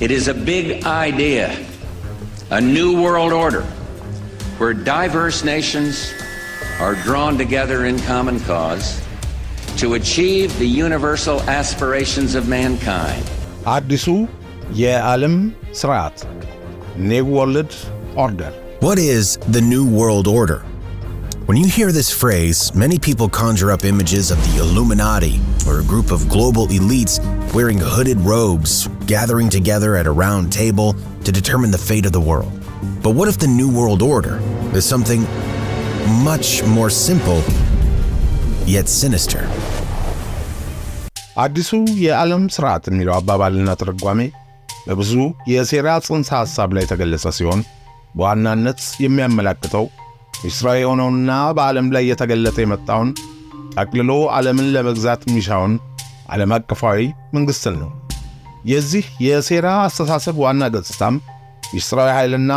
It is a big idea, a new world order where diverse nations are drawn together in common cause to achieve the universal aspirations of mankind. አዲሱ alim srat new world order. What is the New World Order? When you hear this phrase, many people conjure up images of the Illuminati, or a group of global elites wearing hooded robes, gathering together at a round table to determine the fate of the world. But what if the New World Order is something much more simple, yet sinister? አዲሱ የዓለም ሥርዓት የሚለው አባባልና ትርጓሜ በብዙ የሴራ ጽንሰ ሐሳብ ላይ የተገለጸ ሲሆን በዋናነት የሚያመላክተው ሚስራ የሆነውንና በዓለም ላይ እየተገለጠ የመጣውን ጠቅልሎ ዓለምን ለመግዛት የሚሻውን ዓለም አቀፋዊ መንግሥትን ነው። የዚህ የሴራ አስተሳሰብ ዋና ገጽታም ሚስጥራዊ ኃይልና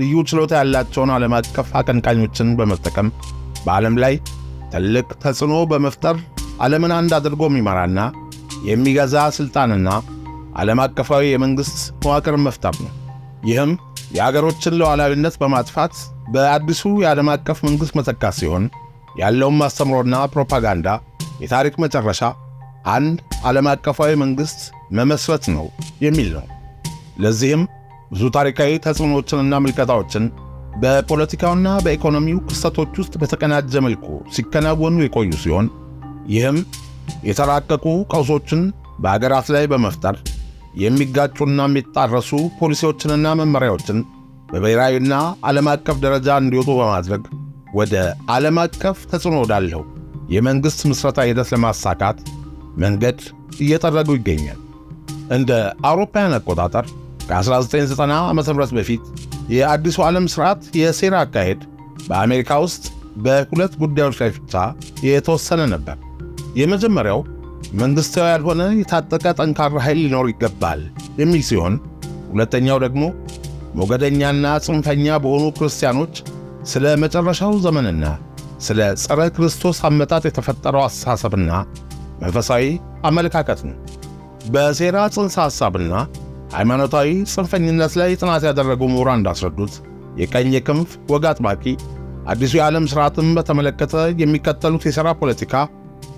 ልዩ ችሎታ ያላቸውን ዓለም አቀፍ አቀንቃኞችን በመጠቀም በዓለም ላይ ትልቅ ተጽዕኖ በመፍጠር ዓለምን አንድ አድርጎ የሚመራና የሚገዛ ሥልጣንና ዓለም አቀፋዊ የመንግሥት መዋቅር መፍጠር ነው። ይህም የአገሮችን ሉዓላዊነት በማጥፋት በአዲሱ የዓለም አቀፍ መንግሥት መተካት ሲሆን ያለውም አስተምሮና ፕሮፓጋንዳ የታሪክ መጨረሻ አንድ ዓለም አቀፋዊ መንግሥት መመስረት ነው የሚል ነው። ለዚህም ብዙ ታሪካዊ ተጽዕኖዎችንና ምልከታዎችን በፖለቲካውና በኢኮኖሚው ክስተቶች ውስጥ በተቀናጀ መልኩ ሲከናወኑ የቆዩ ሲሆን ይህም የተራቀቁ ቀውሶችን በአገራት ላይ በመፍጠር የሚጋጩና የሚጣረሱ ፖሊሲዎችንና መመሪያዎችን በብሔራዊና ዓለም አቀፍ ደረጃ እንዲወጡ በማድረግ ወደ ዓለም አቀፍ ተጽዕኖ ወዳለው የመንግሥት ምስረታ ሂደት ለማሳካት መንገድ እየጠረጉ ይገኛል። እንደ አውሮፓውያን አቆጣጠር ከ1990 ዓ ም በፊት የአዲሱ ዓለም ሥርዓት የሴራ አካሄድ በአሜሪካ ውስጥ በሁለት ጉዳዮች ላይ ብቻ የተወሰነ ነበር። የመጀመሪያው መንግሥታዊ ያልሆነ የታጠቀ ጠንካራ ኃይል ሊኖር ይገባል የሚል ሲሆን፣ ሁለተኛው ደግሞ ሞገደኛና ጽንፈኛ በሆኑ ክርስቲያኖች ስለ መጨረሻው ዘመንና ስለ ጸረ ክርስቶስ አመጣጥ የተፈጠረው አስተሳሰብና መንፈሳዊ አመለካከት ነው። በሴራ ጽንሰ ሐሳብና ሃይማኖታዊ ጽንፈኝነት ላይ ጥናት ያደረጉ ምሁራን እንዳስረዱት የቀኝ ክንፍ ወግ አጥባቂ አዲሱ የዓለም ሥርዓትን በተመለከተ የሚከተሉት የሥራ ፖለቲካ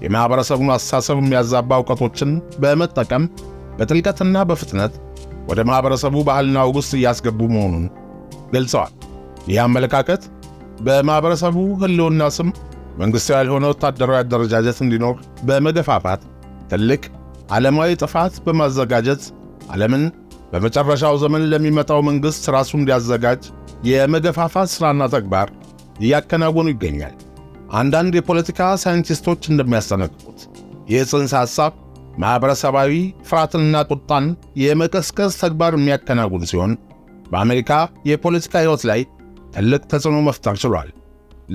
የማኅበረሰቡን አስተሳሰብ የሚያዛባ እውቀቶችን በመጠቀም በጥልቀትና በፍጥነት ወደ ማኅበረሰቡ ባህልና ውስጥ እያስገቡ መሆኑን ገልጸዋል። ይህ አመለካከት በማኅበረሰቡ ህልውና ስም መንግሥታዊ ያልሆነ ወታደራዊ አደረጃጀት እንዲኖር በመገፋፋት ትልቅ ዓለማዊ ጥፋት በማዘጋጀት ዓለምን በመጨረሻው ዘመን ለሚመጣው መንግሥት ራሱ እንዲያዘጋጅ የመገፋፋት ሥራና ተግባር እያከናወኑ ይገኛል። አንዳንድ የፖለቲካ ሳይንቲስቶች እንደሚያስጠነቅቁት ይህ ጽንሰ ሐሳብ ማኅበረሰባዊ ፍርሃትንና ቁጣን የመቀስቀስ ተግባር የሚያከናውን ሲሆን በአሜሪካ የፖለቲካ ሕይወት ላይ ትልቅ ተጽዕኖ መፍጠር ችሏል።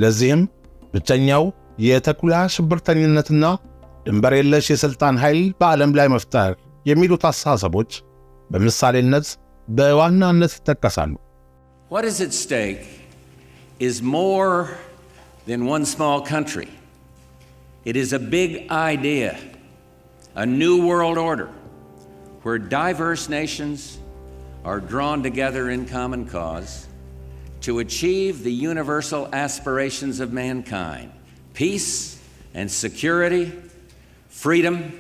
ለዚህም ብቸኛው የተኩላ ሽብርተኝነትና ድንበር የለሽ የሥልጣን ኃይል በዓለም ላይ መፍጠር የሚሉት አስተሳሰቦች በምሳሌነት በዋናነት ይጠቀሳሉ። than one small country. It is a big idea, a new world order where diverse nations are drawn together in common cause to achieve the universal aspirations of mankind peace and security, freedom,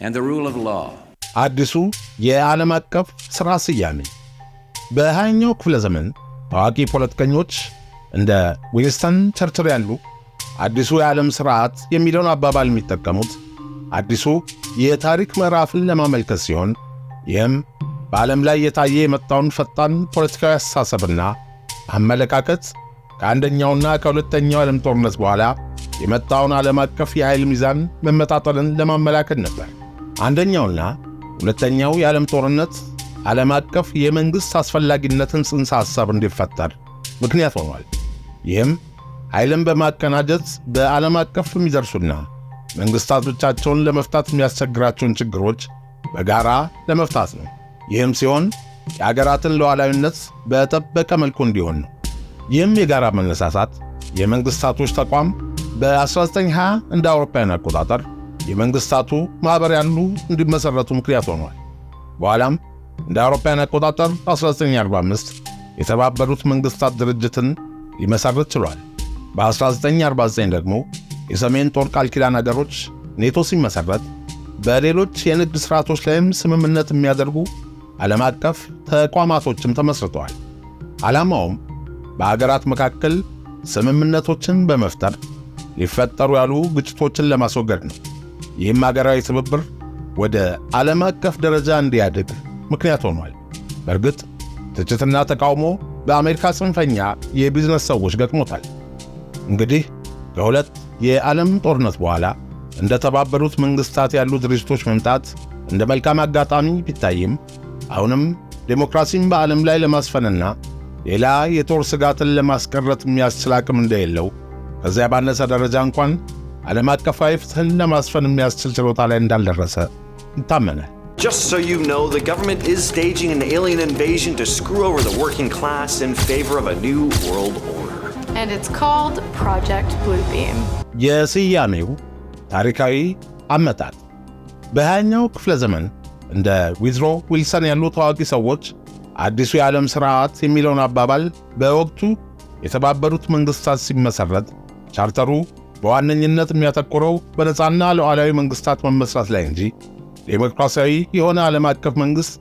and the rule of law. አዲሱ የዓለም አቀፍ ሥራ ስያሜ በሃያኛው ክፍለ ዘመን ታዋቂ ፖለቲከኞች እንደ ዊንስተን ቸርችል ያሉ አዲሱ የዓለም ሥርዓት የሚለውን አባባል የሚጠቀሙት አዲሱ የታሪክ ምዕራፍን ለማመልከት ሲሆን ይህም በዓለም ላይ የታየ የመጣውን ፈጣን ፖለቲካዊ አስተሳሰብና አመለካከት ከአንደኛውና ከሁለተኛው ዓለም ጦርነት በኋላ የመጣውን ዓለም አቀፍ የኃይል ሚዛን መመጣጠልን ለማመላከት ነበር። አንደኛውና ሁለተኛው የዓለም ጦርነት ዓለም አቀፍ የመንግሥት አስፈላጊነትን ጽንሰ ሐሳብ እንዲፈጠር ምክንያት ሆኗል። ይህም ኃይልን በማቀናጀት በዓለም አቀፍ የሚደርሱና መንግሥታት ብቻቸውን ለመፍታት የሚያስቸግራቸውን ችግሮች በጋራ ለመፍታት ነው። ይህም ሲሆን የአገራትን ሉዓላዊነት በጠበቀ መልኩ እንዲሆን ነው። ይህም የጋራ መነሳሳት የመንግሥታቶች ተቋም በ1920 እንደ አውሮፓውያን አቆጣጠር የመንግሥታቱ ማኅበር ያሉ እንዲመሠረቱ ምክንያት ሆኗል። በኋላም እንደ አውሮፓውያን አቆጣጠር 1945 የተባበሩት መንግሥታት ድርጅትን ሊመሠረት ችሏል። በ1949 ደግሞ የሰሜን ጦር ቃል ኪዳን አገሮች ኔቶ ሲመሰረት በሌሎች የንግድ ሥርዓቶች ላይም ስምምነት የሚያደርጉ ዓለም አቀፍ ተቋማቶችም ተመስርተዋል። ዓላማውም በአገራት መካከል ስምምነቶችን በመፍጠር ሊፈጠሩ ያሉ ግጭቶችን ለማስወገድ ነው። ይህም አገራዊ ትብብር ወደ ዓለም አቀፍ ደረጃ እንዲያድግ ምክንያት ሆኗል። በእርግጥ ትችትና ተቃውሞ በአሜሪካ ጽንፈኛ የቢዝነስ ሰዎች ገጥሞታል። እንግዲህ ከሁለት የዓለም ጦርነት በኋላ እንደ ተባበሩት መንግሥታት ያሉ ድርጅቶች መምጣት እንደ መልካም አጋጣሚ ቢታይም አሁንም ዴሞክራሲን በዓለም ላይ ለማስፈንና ሌላ የጦር ስጋትን ለማስቀረት የሚያስችል አቅም እንደሌለው ከዚያ ባነሰ ደረጃ እንኳን ዓለም አቀፋዊ ፍትህን ለማስፈን የሚያስችል ችሎታ ላይ እንዳልደረሰ ይታመናል። Just so you know, the government is staging an alien invasion to screw over the working class in favor of a new world order. And it's called Project Bluebeam. የስያሜው ታሪካዊ አመጣጥ በሃያኛው ክፍለ ዘመን እንደ ዊዝሮ ዊልሰን ያሉ ታዋቂ ሰዎች አዲሱ የዓለም ሥርዓት የሚለውን አባባል በወቅቱ የተባበሩት መንግሥታት ሲመሠረት ቻርተሩ በዋነኝነት የሚያተኩረው በነፃና ሉዓላዊ መንግሥታት መመሥራት ላይ እንጂ ዴሞክራሲያዊ የሆነ ዓለም አቀፍ መንግሥት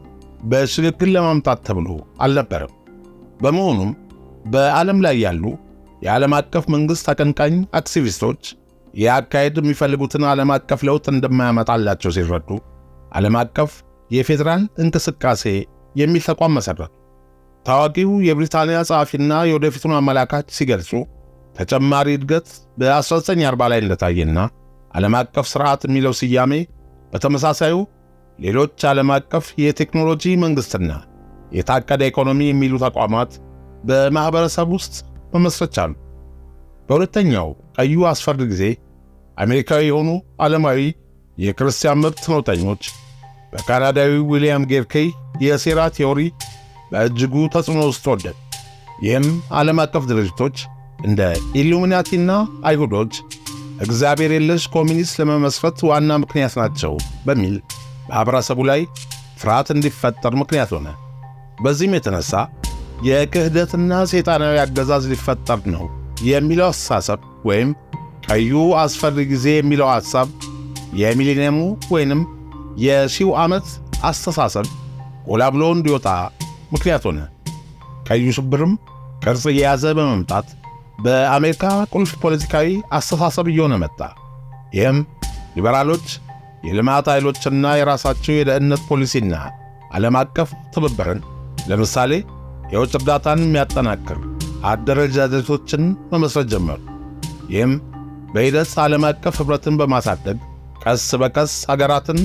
በሽግግር ለማምጣት ተብሎ አልነበረም። በመሆኑም በዓለም ላይ ያሉ የዓለም አቀፍ መንግሥት አቀንቃኝ አክቲቪስቶች የአካሄድ የሚፈልጉትን ዓለም አቀፍ ለውጥ እንደማያመጣላቸው ሲረዱ ዓለም አቀፍ የፌዴራል እንቅስቃሴ የሚል ተቋም መሠረቱ። ታዋቂው የብሪታንያ ጸሐፊና የወደፊቱን አመላካች ሲገልጹ ተጨማሪ እድገት በ1940 ላይ እንደታየና ዓለም አቀፍ ሥርዓት የሚለው ስያሜ በተመሳሳዩ ሌሎች ዓለም አቀፍ የቴክኖሎጂ መንግሥትና የታቀደ ኢኮኖሚ የሚሉ ተቋማት በማኅበረሰብ ውስጥ መመስረቻ አሉ። በሁለተኛው ቀዩ አስፈርድ ጊዜ አሜሪካዊ የሆኑ ዓለማዊ የክርስቲያን መብት ነውጠኞች በካናዳዊ ዊልያም ጌርኬይ የሴራ ቴዎሪ በእጅጉ ተጽዕኖ ውስጥ ወደቅ። ይህም ዓለም አቀፍ ድርጅቶች እንደ ኢሉሚናቲና አይሁዶች እግዚአብሔር የለሽ ኮሚኒስት ለመመስረት ዋና ምክንያት ናቸው በሚል ማኅበረሰቡ ላይ ፍርሃት እንዲፈጠር ምክንያት ሆነ። በዚህም የተነሳ የክህደትና ሰይጣናዊ አገዛዝ ሊፈጠር ነው የሚለው አስተሳሰብ ወይም ቀዩ አስፈሪ ጊዜ የሚለው ሐሳብ የሚሊኒየሙ ወይንም የሺው ዓመት አስተሳሰብ ጎላ ብሎ እንዲወጣ ምክንያት ሆነ። ቀዩ ሽብርም ቅርጽ እየያዘ በመምጣት በአሜሪካ ቁልፍ ፖለቲካዊ አስተሳሰብ እየሆነ መጣ። ይህም ሊበራሎች የልማት ኃይሎችና የራሳቸው የደህንነት ፖሊሲና ዓለም አቀፍ ትብብርን ለምሳሌ የውጭ እርዳታን የሚያጠናክር አደረጃጀቶችን መመስረት ጀመሩ። ይህም በሂደት ዓለም አቀፍ ኅብረትን በማሳደግ ቀስ በቀስ አገራትን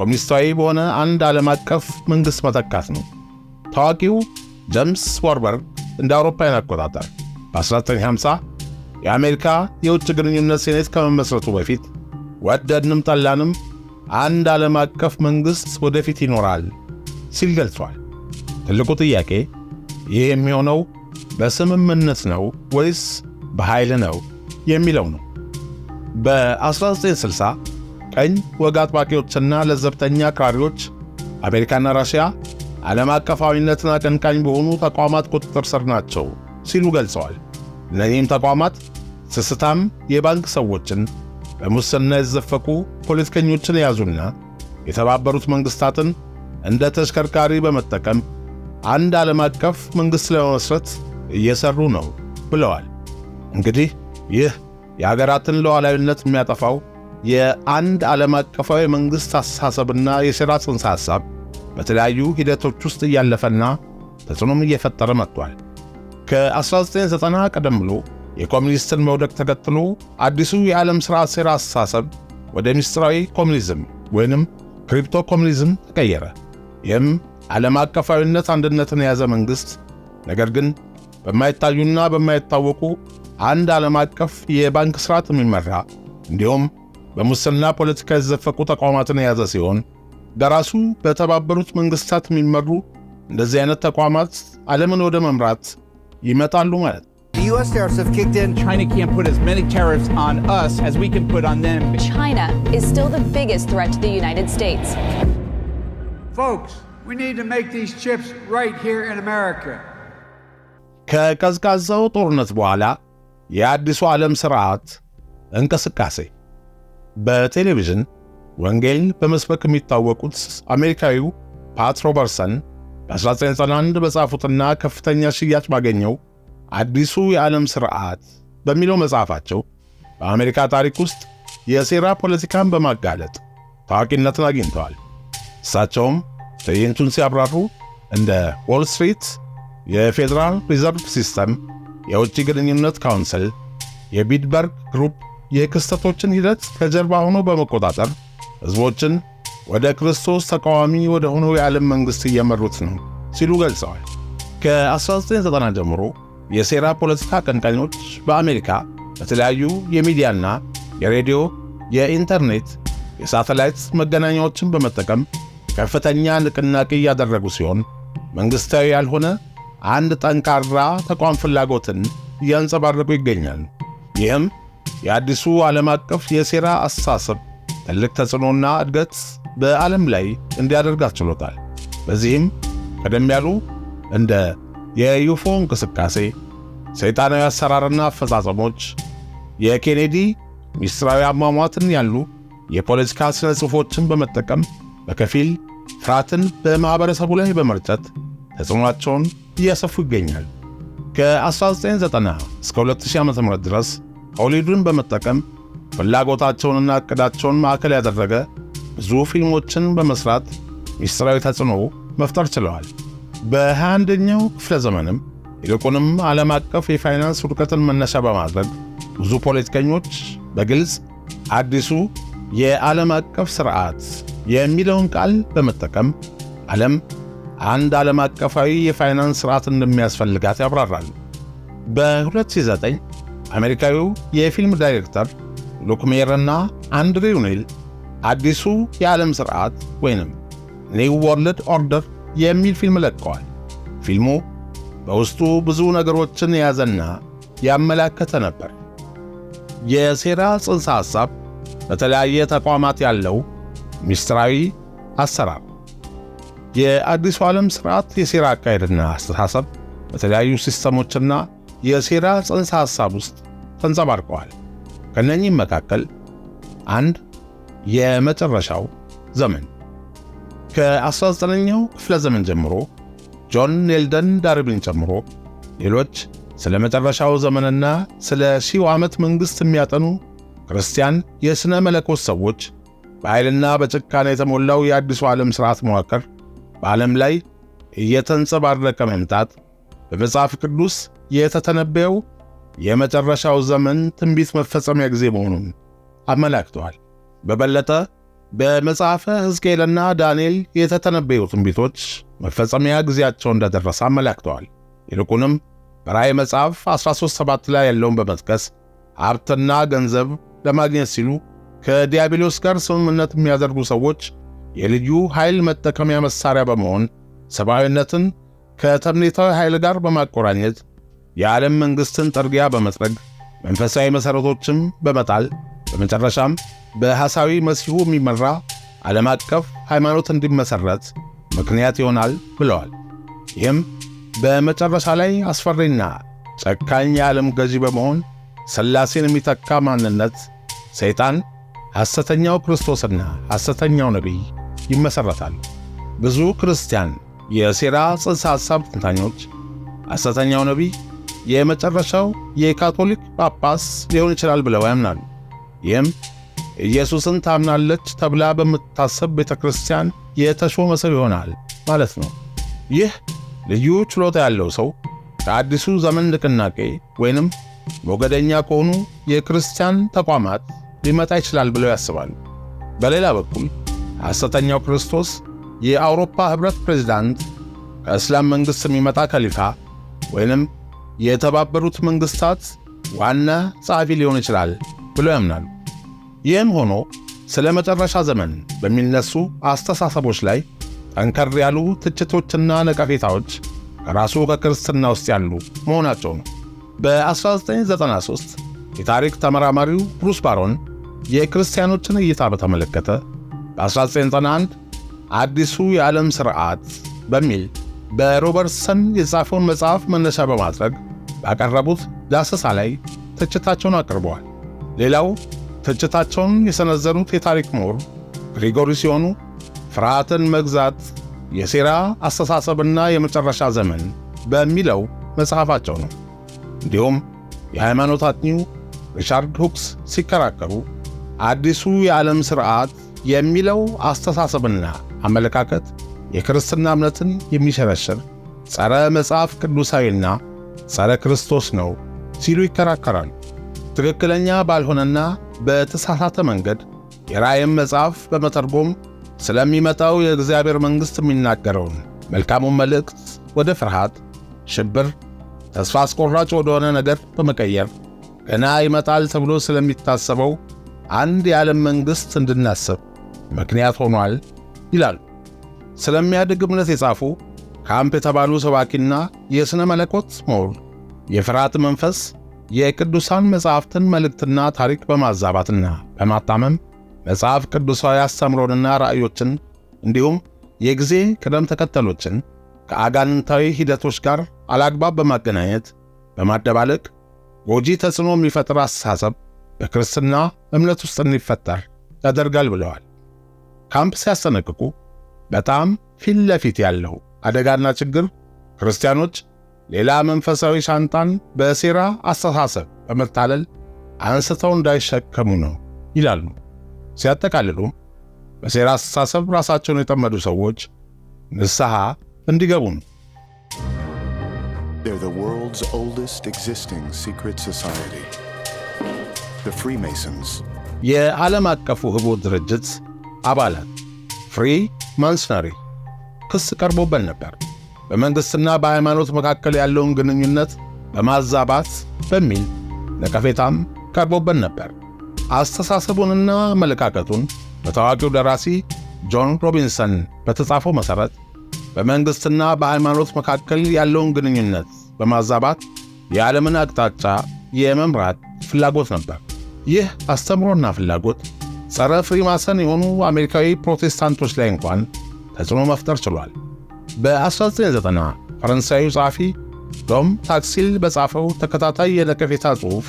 ኮሚኒስታዊ በሆነ አንድ ዓለም አቀፍ መንግሥት መተካት ነው። ታዋቂው ጀምስ ዋርበርግ እንደ አውሮፓውያን አቆጣጠር በ1950 የአሜሪካ የውጭ ግንኙነት ሴኔት ከመመስረቱ በፊት ወደድንም ጠላንም አንድ ዓለም አቀፍ መንግሥት ወደፊት ይኖራል ሲል ገልጿል። ትልቁ ጥያቄ ይህ የሚሆነው በስምምነት ነው ወይስ በኃይል ነው የሚለው ነው። በ1960 ቀኝ ወግ አጥባቂዎችና ለዘብተኛ አክራሪዎች አሜሪካና ራሽያ ዓለም አቀፋዊነትን አቀንቃኝ በሆኑ ተቋማት ቁጥጥር ስር ናቸው ሲሉ ገልጸዋል። እነዚህም ተቋማት ስስታም የባንክ ሰዎችን በሙስና የዘፈቁ ፖለቲከኞችን የያዙና የተባበሩት መንግሥታትን እንደ ተሽከርካሪ በመጠቀም አንድ ዓለም አቀፍ መንግሥት ለመመስረት እየሠሩ ነው ብለዋል። እንግዲህ ይህ የአገራትን ሉዓላዊነት የሚያጠፋው የአንድ ዓለም አቀፋዊ መንግሥት አስተሳሰብና የሥራ ጽንሰ ሐሳብ በተለያዩ ሂደቶች ውስጥ እያለፈና ተጽዕኖም እየፈጠረ መጥቷል። ከ1990 ቀደም ብሎ የኮሚኒስትን መውደቅ ተከትሎ አዲሱ የዓለም ሥርዓት ሴር አስተሳሰብ ወደ ምስጢራዊ ኮሚኒዝም ወይንም ክሪፕቶ ኮሚኒዝም ተቀየረ። ይህም ዓለም አቀፋዊነት አንድነትን የያዘ መንግሥት ነገር ግን በማይታዩና በማይታወቁ አንድ ዓለም አቀፍ የባንክ ሥርዓት የሚመራ እንዲሁም በሙስና ፖለቲካ የተዘፈቁ ተቋማትን የያዘ ሲሆን በራሱ በተባበሩት መንግሥታት የሚመሩ እንደዚህ አይነት ተቋማት ዓለምን ወደ መምራት ይመጣሉ ማለት ነው። ከቀዝቃዛው ጦርነት በኋላ የአዲሱ ዓለም ስርዓት እንቅስቃሴ በቴሌቪዥን ወንጌል በመስበክ የሚታወቁት አሜሪካዊው ፓት ሮበርሰን በ1991 በጻፉትና ከፍተኛ ሽያጭ ባገኘው አዲሱ የዓለም ሥርዓት በሚለው መጽሐፋቸው በአሜሪካ ታሪክ ውስጥ የሴራ ፖለቲካን በማጋለጥ ታዋቂነትን አግኝተዋል። እሳቸውም ትዕይንቱን ሲያብራሩ እንደ ዎል ስትሪት፣ የፌዴራል ሪዘርቭ ሲስተም፣ የውጭ ግንኙነት ካውንስል፣ የቢድበርግ ግሩፕ የክስተቶችን ሂደት ከጀርባ ሆኖ በመቆጣጠር ሕዝቦችን ወደ ክርስቶስ ተቃዋሚ ወደ ሆነው የዓለም መንግሥት እየመሩት ነው ሲሉ ገልጸዋል። ከ1990 ጀምሮ የሴራ ፖለቲካ አቀንቃኞች በአሜሪካ በተለያዩ የሚዲያና የሬዲዮ፣ የኢንተርኔት፣ የሳተላይት መገናኛዎችን በመጠቀም ከፍተኛ ንቅናቄ እያደረጉ ሲሆን መንግሥታዊ ያልሆነ አንድ ጠንካራ ተቋም ፍላጎትን እያንጸባረቁ ይገኛሉ። ይህም የአዲሱ ዓለም አቀፍ የሴራ አስተሳሰብ ትልቅ ተጽዕኖና እድገት በዓለም ላይ እንዲያደርጋት ችሎታል። በዚህም ቀደም ያሉ እንደ የዩፎ እንቅስቃሴ፣ ሰይጣናዊ አሰራርና አፈጻጸሞች፣ የኬኔዲ ሚስጥራዊ አሟሟትን ያሉ የፖለቲካ ሥነ ጽሑፎችን በመጠቀም በከፊል ፍርሃትን በማኅበረሰቡ ላይ በመርጨት ተጽዕኖአቸውን እያሰፉ ይገኛል። ከ1990 እስከ 2000 ም ድረስ ኦሊዱን በመጠቀም ፍላጎታቸውንና ዕቅዳቸውን ማዕከል ያደረገ ብዙ ፊልሞችን በመስራት ሚስጥራዊ ተጽዕኖ መፍጠር ችለዋል። በ21ኛው ክፍለ ዘመንም ይልቁንም ዓለም አቀፍ የፋይናንስ ውድቀትን መነሻ በማድረግ ብዙ ፖለቲከኞች በግልጽ አዲሱ የዓለም አቀፍ ሥርዓት የሚለውን ቃል በመጠቀም ዓለም አንድ ዓለም አቀፋዊ የፋይናንስ ሥርዓት እንደሚያስፈልጋት ያብራራሉ። በ2009 አሜሪካዊው የፊልም ዳይሬክተር ሉክሜርና ሜየርና አንድሬ ዩኔል አዲሱ የዓለም ሥርዓት ወይንም ኒው ወርልድ ኦርደር የሚል ፊልም ለቀዋል። ፊልሙ በውስጡ ብዙ ነገሮችን የያዘና ያመላከተ ነበር። የሴራ ጽንሰ ሐሳብ በተለያየ ተቋማት ያለው ሚስጥራዊ አሰራር፣ የአዲሱ ዓለም ሥርዓት የሴራ አካሄድና አስተሳሰብ በተለያዩ ሲስተሞችና የሴራ ጽንሰ ሐሳብ ውስጥ ተንጸባርቀዋል። ከእነኚህም መካከል አንድ የመጨረሻው ዘመን ከ19ኛው ክፍለ ዘመን ጀምሮ ጆን ኔልደን ዳርቢን ጨምሮ ሌሎች ስለ መጨረሻው ዘመንና ስለ ሺው ዓመት መንግሥት የሚያጠኑ ክርስቲያን የሥነ መለኮት ሰዎች በኃይልና በጭካኔ የተሞላው የአዲሱ ዓለም ሥርዓት መዋቅር በዓለም ላይ እየተንጸባረቀ መምጣት በመጽሐፍ ቅዱስ የተተነበየው የመጨረሻው ዘመን ትንቢት መፈጸሚያ ጊዜ መሆኑን አመላክተዋል። በበለጠ በመጽሐፈ ሕዝቅኤልና ዳንኤል የተተነበዩ ትንቢቶች መፈጸሚያ ጊዜያቸው እንደደረሰ አመላክተዋል። ይልቁንም በራእይ መጽሐፍ 137 ላይ ያለውን በመጥቀስ ሀብትና ገንዘብ ለማግኘት ሲሉ ከዲያብሎስ ጋር ስምምነት የሚያደርጉ ሰዎች የልዩ ኃይል መጠቀሚያ መሳሪያ በመሆን ሰብአዊነትን ከተምኔታዊ ኃይል ጋር በማቆራኘት የዓለም መንግሥትን ጥርጊያ በመጥረግ መንፈሳዊ መሠረቶችም በመጣል በመጨረሻም በሐሳዊ መሲሁ የሚመራ ዓለም አቀፍ ሃይማኖት እንዲመሠረት ምክንያት ይሆናል ብለዋል። ይህም በመጨረሻ ላይ አስፈሪና ጨካኝ የዓለም ገዢ በመሆን ሥላሴን የሚተካ ማንነት ሰይጣን፣ ሐሰተኛው ክርስቶስና ሐሰተኛው ነቢይ ይመሠረታል። ብዙ ክርስቲያን የሴራ ጽንሰ ሐሳብ ትንታኞች ሐሰተኛው ነቢይ የመጨረሻው የካቶሊክ ጳጳስ ሊሆን ይችላል ብለው ያምናሉ። ይህም ኢየሱስን ታምናለች ተብላ በምታሰብ ቤተ ክርስቲያን የተሾመ ሰው ይሆናል ማለት ነው። ይህ ልዩ ችሎታ ያለው ሰው ከአዲሱ ዘመን ንቅናቄ ወይንም ሞገደኛ ከሆኑ የክርስቲያን ተቋማት ሊመጣ ይችላል ብለው ያስባሉ። በሌላ በኩል ሐሰተኛው ክርስቶስ የአውሮፓ ኅብረት ፕሬዝዳንት፣ ከእስላም መንግሥት የሚመጣ ከሊፋ ወይንም የተባበሩት መንግሥታት ዋና ጸሐፊ ሊሆን ይችላል ብለው ያምናሉ። ይህም ሆኖ ስለ መጨረሻ ዘመን በሚነሱ አስተሳሰቦች ላይ ጠንከር ያሉ ትችቶችና ነቀፌታዎች ከራሱ ከክርስትና ውስጥ ያሉ መሆናቸው ነው። በ1993 የታሪክ ተመራማሪው ብሩስ ባሮን የክርስቲያኖችን እይታ በተመለከተ በ1991 አዲሱ የዓለም ሥርዓት በሚል በሮበርትሰን የጻፈውን መጽሐፍ መነሻ በማድረግ ባቀረቡት ዳሰሳ ላይ ትችታቸውን አቅርበዋል። ሌላው ትችታቸውን የሰነዘሩት የታሪክ ምሁር ግሪጎሪ ሲሆኑ ፍርሃትን መግዛት የሴራ አስተሳሰብና የመጨረሻ ዘመን በሚለው መጽሐፋቸው ነው። እንዲሁም የሃይማኖት አጥኚው ሪቻርድ ሁክስ ሲከራከሩ አዲሱ የዓለም ሥርዓት የሚለው አስተሳሰብና አመለካከት የክርስትና እምነትን የሚሸረሽር ጸረ መጽሐፍ ቅዱሳዊና ጸረ ክርስቶስ ነው ሲሉ ይከራከራሉ። ትክክለኛ ባልሆነና በተሳሳተ መንገድ የራእይን መጽሐፍ በመተርጎም ስለሚመጣው የእግዚአብሔር መንግሥት የሚናገረውን መልካሙን መልእክት ወደ ፍርሃት፣ ሽብር፣ ተስፋ አስቆራጭ ወደሆነ ነገር በመቀየር ገና ይመጣል ተብሎ ስለሚታሰበው አንድ የዓለም መንግሥት እንድናስብ ምክንያት ሆኗል ይላሉ። ስለሚያድግ እምነት የጻፉ ካምፕ የተባሉ ሰባኪና የሥነ መለኮት ምሁር የፍርሃት መንፈስ የቅዱሳን መጻሕፍትን መልእክትና ታሪክ በማዛባትና በማጣመም መጽሐፍ ቅዱሳዊ አስተምሮንና ራእዮችን እንዲሁም የጊዜ ቅደም ተከተሎችን ከአጋንንታዊ ሂደቶች ጋር አላግባብ በማገናኘት በማደባለቅ ጎጂ ተጽዕኖ የሚፈጥር አስተሳሰብ በክርስትና እምነት ውስጥ እንዲፈጠር ያደርጋል ብለዋል። ካምፕ ሲያስጠነቅቁ በጣም ፊት ለፊት ያለው አደጋና ችግር ክርስቲያኖች ሌላ መንፈሳዊ ሻንጣን በሴራ አስተሳሰብ በመታለል አንስተው እንዳይሸከሙ ነው ይላሉ። ሲያጠቃልሉ በሴራ አስተሳሰብ ራሳቸውን የጠመዱ ሰዎች ንስሐ እንዲገቡ ነው። የዓለም አቀፉ ህቡዕ ድርጅት አባላት ፍሪ ማንሰነሪ ክስ ቀርቦበት ነበር። በመንግሥትና በሃይማኖት መካከል ያለውን ግንኙነት በማዛባት በሚል ነቀፌታም ቀርቦበት ነበር። አስተሳሰቡንና አመለካከቱን በታዋቂው ደራሲ ጆን ሮቢንሰን በተጻፈው መሠረት በመንግሥትና በሃይማኖት መካከል ያለውን ግንኙነት በማዛባት የዓለምን አቅጣጫ የመምራት ፍላጎት ነበር። ይህ አስተምሮና ፍላጎት ጸረ ፍሪማሰን የሆኑ አሜሪካዊ ፕሮቴስታንቶች ላይ እንኳን ተጽዕኖ መፍጠር ችሏል። በ1990 ፈረንሳዊ ጸሐፊ ሎም ታክሲል በጻፈው ተከታታይ የነቀፌታ ጽሑፍ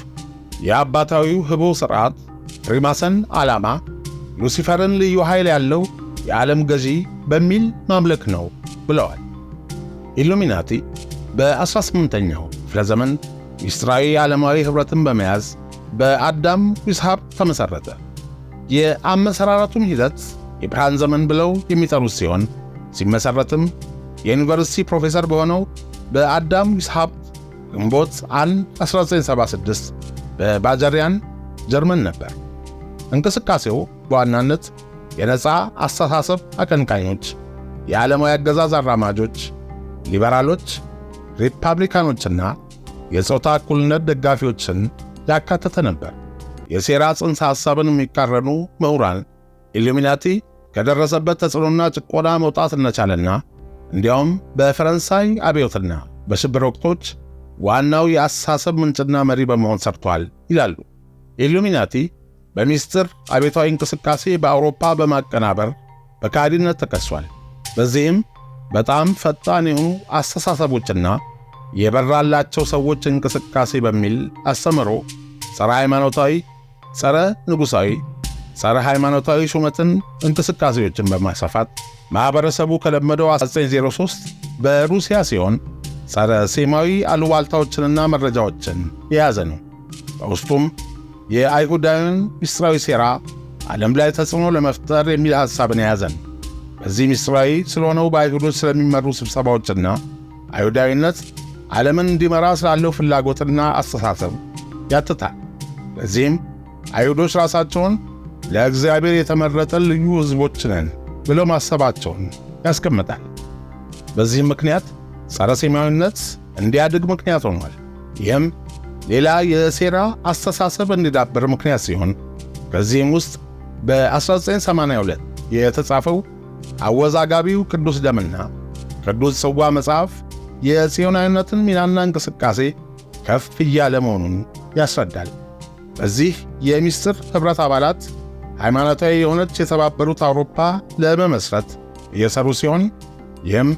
የአባታዊው ህቦ ሥርዓት ሪማሰን ዓላማ ሉሲፈርን ልዩ ኃይል ያለው የዓለም ገዢ በሚል ማምለክ ነው ብለዋል። ኢሉሚናቲ በ18ኛው ክፍለ ዘመን ሚስጥራዊ ዓለማዊ ኅብረትን በመያዝ በአዳም ዊስሃብ ተመሠረተ። የአመሰራረቱን ሂደት የብርሃን ዘመን ብለው የሚጠሩት ሲሆን ሲመሠረትም የዩኒቨርሲቲ ፕሮፌሰር በሆነው በአዳም ይስሐብ ግንቦት 1 1976 በባጀሪያን ጀርመን ነበር። እንቅስቃሴው በዋናነት የነፃ አስተሳሰብ አቀንቃኞች፣ የዓለማዊ አገዛዝ አራማጆች፣ ሊበራሎች፣ ሪፐብሊካኖችና የጾታ እኩልነት ደጋፊዎችን ያካተተ ነበር። የሴራ ጽንሰ ሐሳብን የሚቃረኑ ምሁራን ኢሉሚናቲ ከደረሰበት ተጽዕኖና ጭቆና መውጣት እንደቻለና እንዲያውም በፈረንሳይ አብዮትና በሽብር ወቅቶች ዋናው የአስተሳሰብ ምንጭና መሪ በመሆን ሰርቷል ይላሉ። ኢሉሚናቲ በሚስጥር አብዮታዊ እንቅስቃሴ በአውሮፓ በማቀናበር በካዲነት ተከሷል። በዚህም በጣም ፈጣን የሆኑ አስተሳሰቦችና የበራላቸው ሰዎች እንቅስቃሴ በሚል አስተምሮ ጸረ ሃይማኖታዊ፣ ጸረ ንጉሣዊ፣ ጸረ ሃይማኖታዊ ሹመትን እንቅስቃሴዎችን በማሰፋት ማኅበረሰቡ ከለመደው 1903 በሩሲያ ሲሆን ጸረ ሴማዊ አሉባልታዎችንና መረጃዎችን የያዘ ነው። በውስጡም የአይሁዳውያን ሚስጥራዊ ሴራ ዓለም ላይ ተጽዕኖ ለመፍጠር የሚል ሐሳብን የያዘ ነው። በዚህ ሚስጥራዊ ስለሆነው በአይሁዶች ስለሚመሩ ስብሰባዎችና አይሁዳዊነት ዓለምን እንዲመራ ስላለው ፍላጎትና አስተሳሰብ ያትታል። በዚህም አይሁዶች ራሳቸውን ለእግዚአብሔር የተመረጠ ልዩ ሕዝቦች ነን ብለው ማሰባቸውን ያስቀምጣል። በዚህም ምክንያት ጸረ ሴማዊነት እንዲያድግ ምክንያት ሆኗል። ይህም ሌላ የሴራ አስተሳሰብ እንዲዳበር ምክንያት ሲሆን ከዚህም ውስጥ በ1982 የተጻፈው አወዛጋቢው ቅዱስ ደምና ቅዱስ ጽዋ መጽሐፍ የጽዮናዊነትን ሚናና እንቅስቃሴ ከፍ እያለ መሆኑን ያስረዳል። በዚህ የሚስጥር ኅብረት አባላት ሃይማኖታዊ የሆነች የተባበሩት አውሮፓ ለመመስረት እየሰሩ ሲሆን ይህም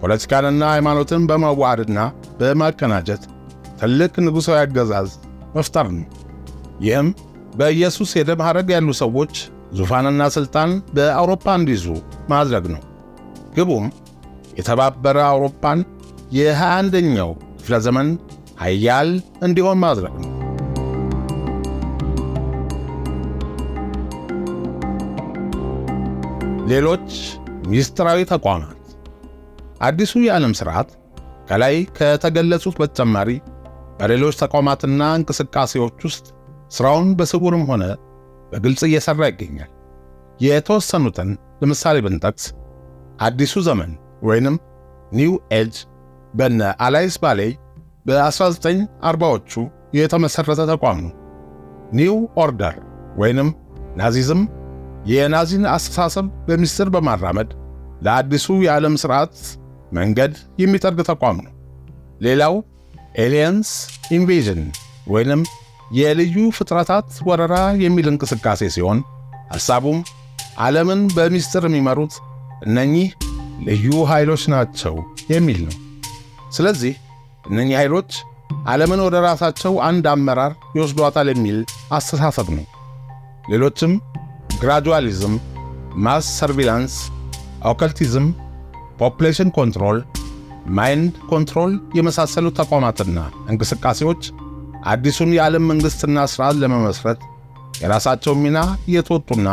ፖለቲካንና ሃይማኖትን በማዋሃድና በማቀናጀት ትልቅ ንጉሣዊ አገዛዝ መፍጠር ነው። ይህም በኢየሱስ የደም ሐረግ ያሉ ሰዎች ዙፋንና ሥልጣን በአውሮፓ እንዲይዙ ማድረግ ነው። ግቡም የተባበረ አውሮፓን የ21ኛው ክፍለ ዘመን ኃያል እንዲሆን ማድረግ ነው። ሌሎች ሚስጥራዊ ተቋማት። አዲሱ የዓለም ሥርዓት ከላይ ከተገለጹት በተጨማሪ በሌሎች ተቋማትና እንቅስቃሴዎች ውስጥ ሥራውን በስውርም ሆነ በግልጽ እየሠራ ይገኛል። የተወሰኑትን ለምሳሌ ብንጠቅስ አዲሱ ዘመን ወይንም ኒው ኤጅ በነ አላይስ ባሌይ በ1940ዎቹ የተመሠረተ ተቋም ነው። ኒው ኦርደር ወይንም ናዚዝም የናዚን አስተሳሰብ በምስጢር በማራመድ ለአዲሱ የዓለም ሥርዓት መንገድ የሚጠርግ ተቋም ነው። ሌላው ኤሊየንስ ኢንቬዥን ወይንም የልዩ ፍጥረታት ወረራ የሚል እንቅስቃሴ ሲሆን ሐሳቡም ዓለምን በምስጢር የሚመሩት እነኚህ ልዩ ኃይሎች ናቸው የሚል ነው። ስለዚህ እነኚህ ኃይሎች ዓለምን ወደ ራሳቸው አንድ አመራር ይወስዷታል የሚል አስተሳሰብ ነው። ሌሎችም gradualism, mass surveillance, occultism, population ኮንትሮል፣ ማይንድ ኮንትሮል የመሳሰሉ ተቋማትና እንቅስቃሴዎች አዲሱን የዓለም መንግሥትና ሥርዓት ለመመስረት የራሳቸውን ሚና እየተወጡና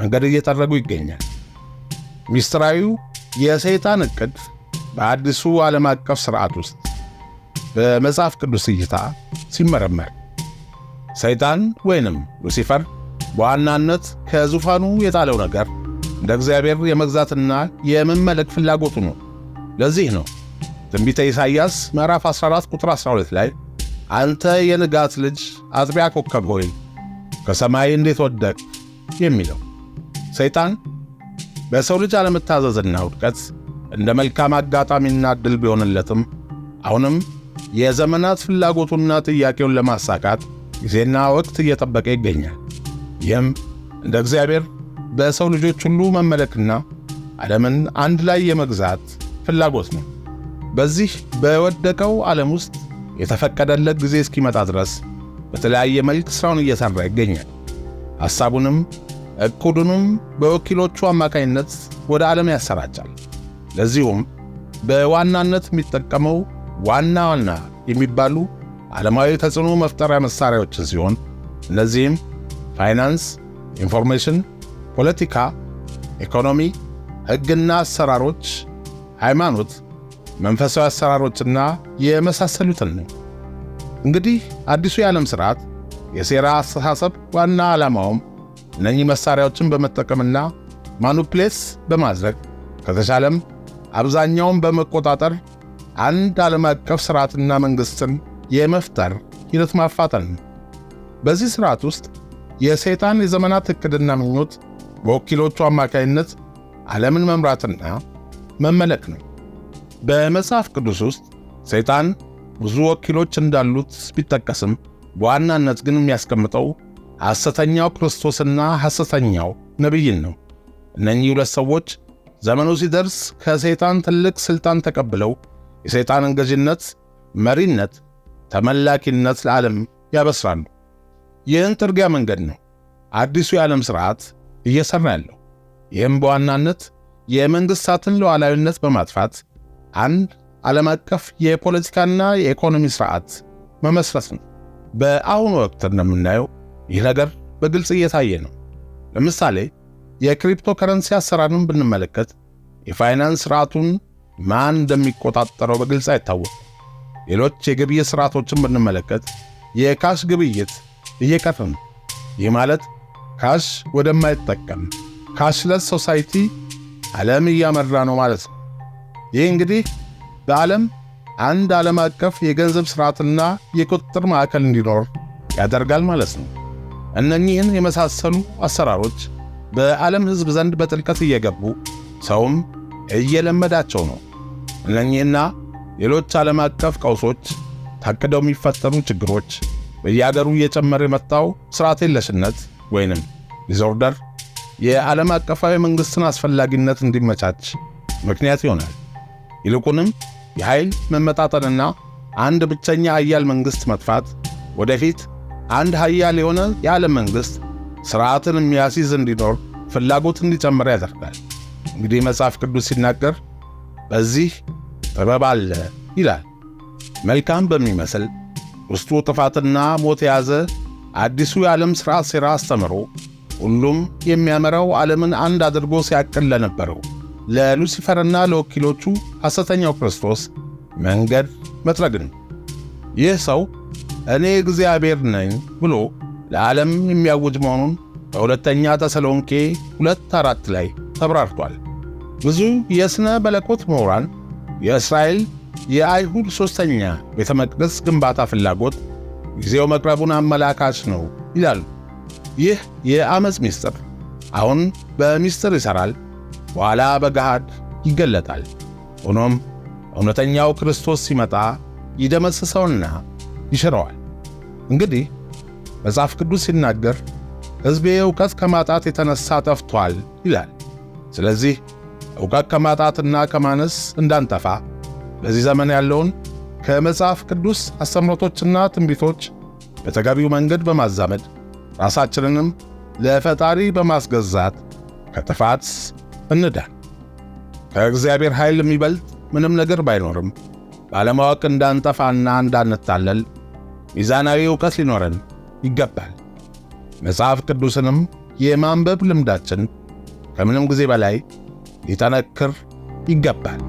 መንገድ እየጠረጉ ይገኛል። ሚስጥራዊው የሰይጣን ዕቅድ በአዲሱ ዓለም አቀፍ ሥርዓት ውስጥ በመጽሐፍ ቅዱስ እይታ ሲመረመር ሰይጣን ወይንም ሉሲፈር በዋናነት ከዙፋኑ የጣለው ነገር እንደ እግዚአብሔር የመግዛትና የመመለክ ፍላጎቱ ነው። ለዚህ ነው ትንቢተ ኢሳይያስ ምዕራፍ 14 ቁጥር 12 ላይ አንተ የንጋት ልጅ አጥቢያ ኮከብ ሆይ ከሰማይ እንዴት ወደቅ የሚለው። ሰይጣን በሰው ልጅ አለመታዘዝና ውድቀት እንደ መልካም አጋጣሚና ድል ቢሆንለትም አሁንም የዘመናት ፍላጎቱና ጥያቄውን ለማሳካት ጊዜና ወቅት እየጠበቀ ይገኛል። ይህም እንደ እግዚአብሔር በሰው ልጆች ሁሉ መመለክና ዓለምን አንድ ላይ የመግዛት ፍላጎት ነው። በዚህ በወደቀው ዓለም ውስጥ የተፈቀደለት ጊዜ እስኪመጣ ድረስ በተለያየ መልክ ሥራውን እየሠራ ይገኛል። ሐሳቡንም እቅዱንም በወኪሎቹ አማካኝነት ወደ ዓለም ያሰራጫል። ለዚሁም በዋናነት የሚጠቀመው ዋና ዋና የሚባሉ ዓለማዊ ተጽዕኖ መፍጠሪያ መሣሪያዎችን ሲሆን እነዚህም ፋይናንስ፣ ኢንፎርሜሽን፣ ፖለቲካ፣ ኢኮኖሚ፣ ሕግና አሰራሮች፣ ሃይማኖት፣ መንፈሳዊ አሰራሮችና የመሳሰሉትን ነው። እንግዲህ አዲሱ የዓለም ሥርዓት የሴራ አስተሳሰብ ዋና ዓላማውም እነኚህ መሣሪያዎችን በመጠቀምና ማኑፕሌስ በማድረግ ከተሻለም አብዛኛውን በመቆጣጠር አንድ ዓለም አቀፍ ሥርዓትና መንግሥትን የመፍጠር ሂደት ማፋጠን ነው። በዚህ ሥርዓት ውስጥ የሰይጣን የዘመናት እቅድና ምኞት በወኪሎቹ አማካይነት ዓለምን መምራትና መመለክ ነው። በመጽሐፍ ቅዱስ ውስጥ ሰይጣን ብዙ ወኪሎች እንዳሉት ቢጠቀስም በዋናነት ግን የሚያስቀምጠው ሐሰተኛው ክርስቶስና ሐሰተኛው ነቢይን ነው። እነኚህ ሁለት ሰዎች ዘመኑ ሲደርስ ከሰይጣን ትልቅ ሥልጣን ተቀብለው የሰይጣንን ገዥነት፣ መሪነት፣ ተመላኪነት ለዓለም ያበስራሉ። ይህን ጥርጊያ መንገድ ነው አዲሱ የዓለም ሥርዓት እየሠራ ያለው። ይህም በዋናነት የመንግሥታትን ሉዓላዊነት በማጥፋት አንድ ዓለም አቀፍ የፖለቲካና የኢኮኖሚ ሥርዓት መመስረት ነው። በአሁኑ ወቅት እንደምናየው ይህ ነገር በግልጽ እየታየ ነው። ለምሳሌ የክሪፕቶ ከረንሲ አሰራርን ብንመለከት የፋይናንስ ሥርዓቱን ማን እንደሚቆጣጠረው በግልጽ አይታወቅም። ሌሎች የግብይት ሥርዓቶችን ብንመለከት የካሽ ግብይት እየቀፍም። ይህ ማለት ካሽ ወደማይጠቀም ካሽለስ ሶሳይቲ ዓለም እያመራ ነው ማለት ነው። ይህ እንግዲህ በዓለም አንድ ዓለም አቀፍ የገንዘብ ሥርዓትና የቁጥጥር ማዕከል እንዲኖር ያደርጋል ማለት ነው። እነኚህን የመሳሰሉ አሰራሮች በዓለም ሕዝብ ዘንድ በጥልቀት እየገቡ ሰውም እየለመዳቸው ነው። እነኚህና ሌሎች ዓለም አቀፍ ቀውሶች ታቅደው የሚፈጠሩ ችግሮች በየአገሩ እየጨመረ የመጣው ስርዓት የለሽነት ወይንም ዲስኦርደር የዓለም አቀፋዊ መንግሥትን አስፈላጊነት እንዲመቻች ምክንያት ይሆናል። ይልቁንም የኃይል መመጣጠንና አንድ ብቸኛ ኃያል መንግሥት መጥፋት ወደፊት አንድ ኃያል የሆነ የዓለም መንግሥት ሥርዓትን የሚያስይዝ እንዲኖር ፍላጎት እንዲጨምር ያደርጋል። እንግዲህ መጽሐፍ ቅዱስ ሲናገር በዚህ ጥበብ አለ ይላል። መልካም በሚመስል ውስጡ ጥፋትና ሞት የያዘ አዲሱ የዓለም ሥርዓት ሴራ አስተምሮ ሁሉም የሚያመራው ዓለምን አንድ አድርጎ ሲያቅል ለነበረው ለሉሲፈርና ለወኪሎቹ ሐሰተኛው ክርስቶስ መንገድ መጥረግ ነው። ይህ ሰው እኔ እግዚአብሔር ነኝ ብሎ ለዓለም የሚያውጅ መሆኑን በሁለተኛ ተሰሎንቄ ሁለት አራት ላይ ተብራርቷል። ብዙ የሥነ መለኮት ምሁራን የእስራኤል የአይሁድ ሦስተኛ ቤተ መቅደስ ግንባታ ፍላጎት ጊዜው መቅረቡን አመላካች ነው ይላሉ። ይህ የአመፅ ምስጢር አሁን በምስጢር ይሠራል፣ በኋላ በገሃድ ይገለጣል። ሆኖም እውነተኛው ክርስቶስ ሲመጣ ይደመስሰውና ይሽረዋል። እንግዲህ መጽሐፍ ቅዱስ ሲናገር ሕዝቤ ዕውቀት ከማጣት የተነሣ ጠፍቷል ይላል። ስለዚህ ዕውቀት ከማጣትና ከማነስ እንዳንጠፋ በዚህ ዘመን ያለውን ከመጽሐፍ ቅዱስ አስተምሮቶችና ትንቢቶች በተገቢው መንገድ በማዛመድ ራሳችንንም ለፈጣሪ በማስገዛት ከጥፋት እንዳን። ከእግዚአብሔር ኃይል የሚበልጥ ምንም ነገር ባይኖርም ባለማወቅ እንዳንጠፋና እንዳንታለል ሚዛናዊ እውቀት ሊኖረን ይገባል። መጽሐፍ ቅዱስንም የማንበብ ልምዳችን ከምንም ጊዜ በላይ ሊጠነክር ይገባል።